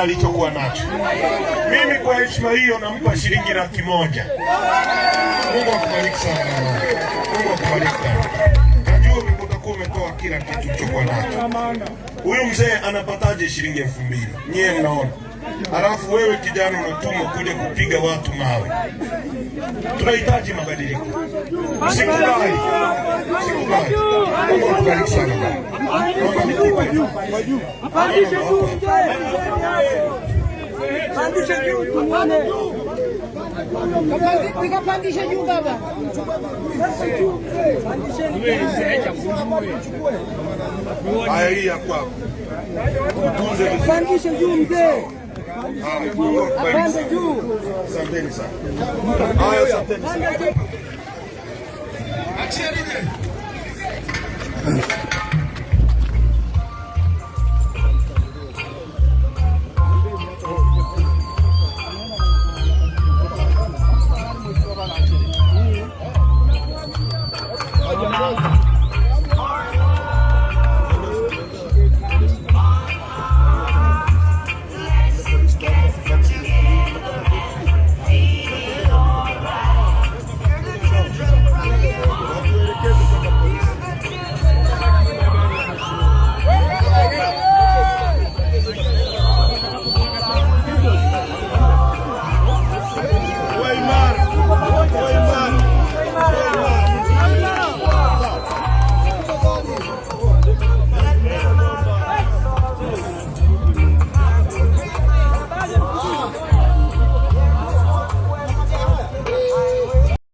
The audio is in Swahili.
alichokuwa nacho. Mimi kwa heshima hiyo nampa shilingi laki moja. Mungu akubariki sana. Mungu akubariki sana. Najua utakuwa umetoa kila kitu ulichokuwa nacho. Huyu mzee anapataje shilingi elfu mbili? Nyie mnaona. Halafu wewe kijana unatumwa kuja kupiga watu mawe. Tunahitaji mabadiliko. Sikubali, sikubali. Mungu akubariki sana. Pandisha juu mzee, Pandisha juu tuone. Nikapandishe juu baba. Haya, hii hapa. Utunze vizuri. Pandishe juu mzee. Ah, asanteni sana.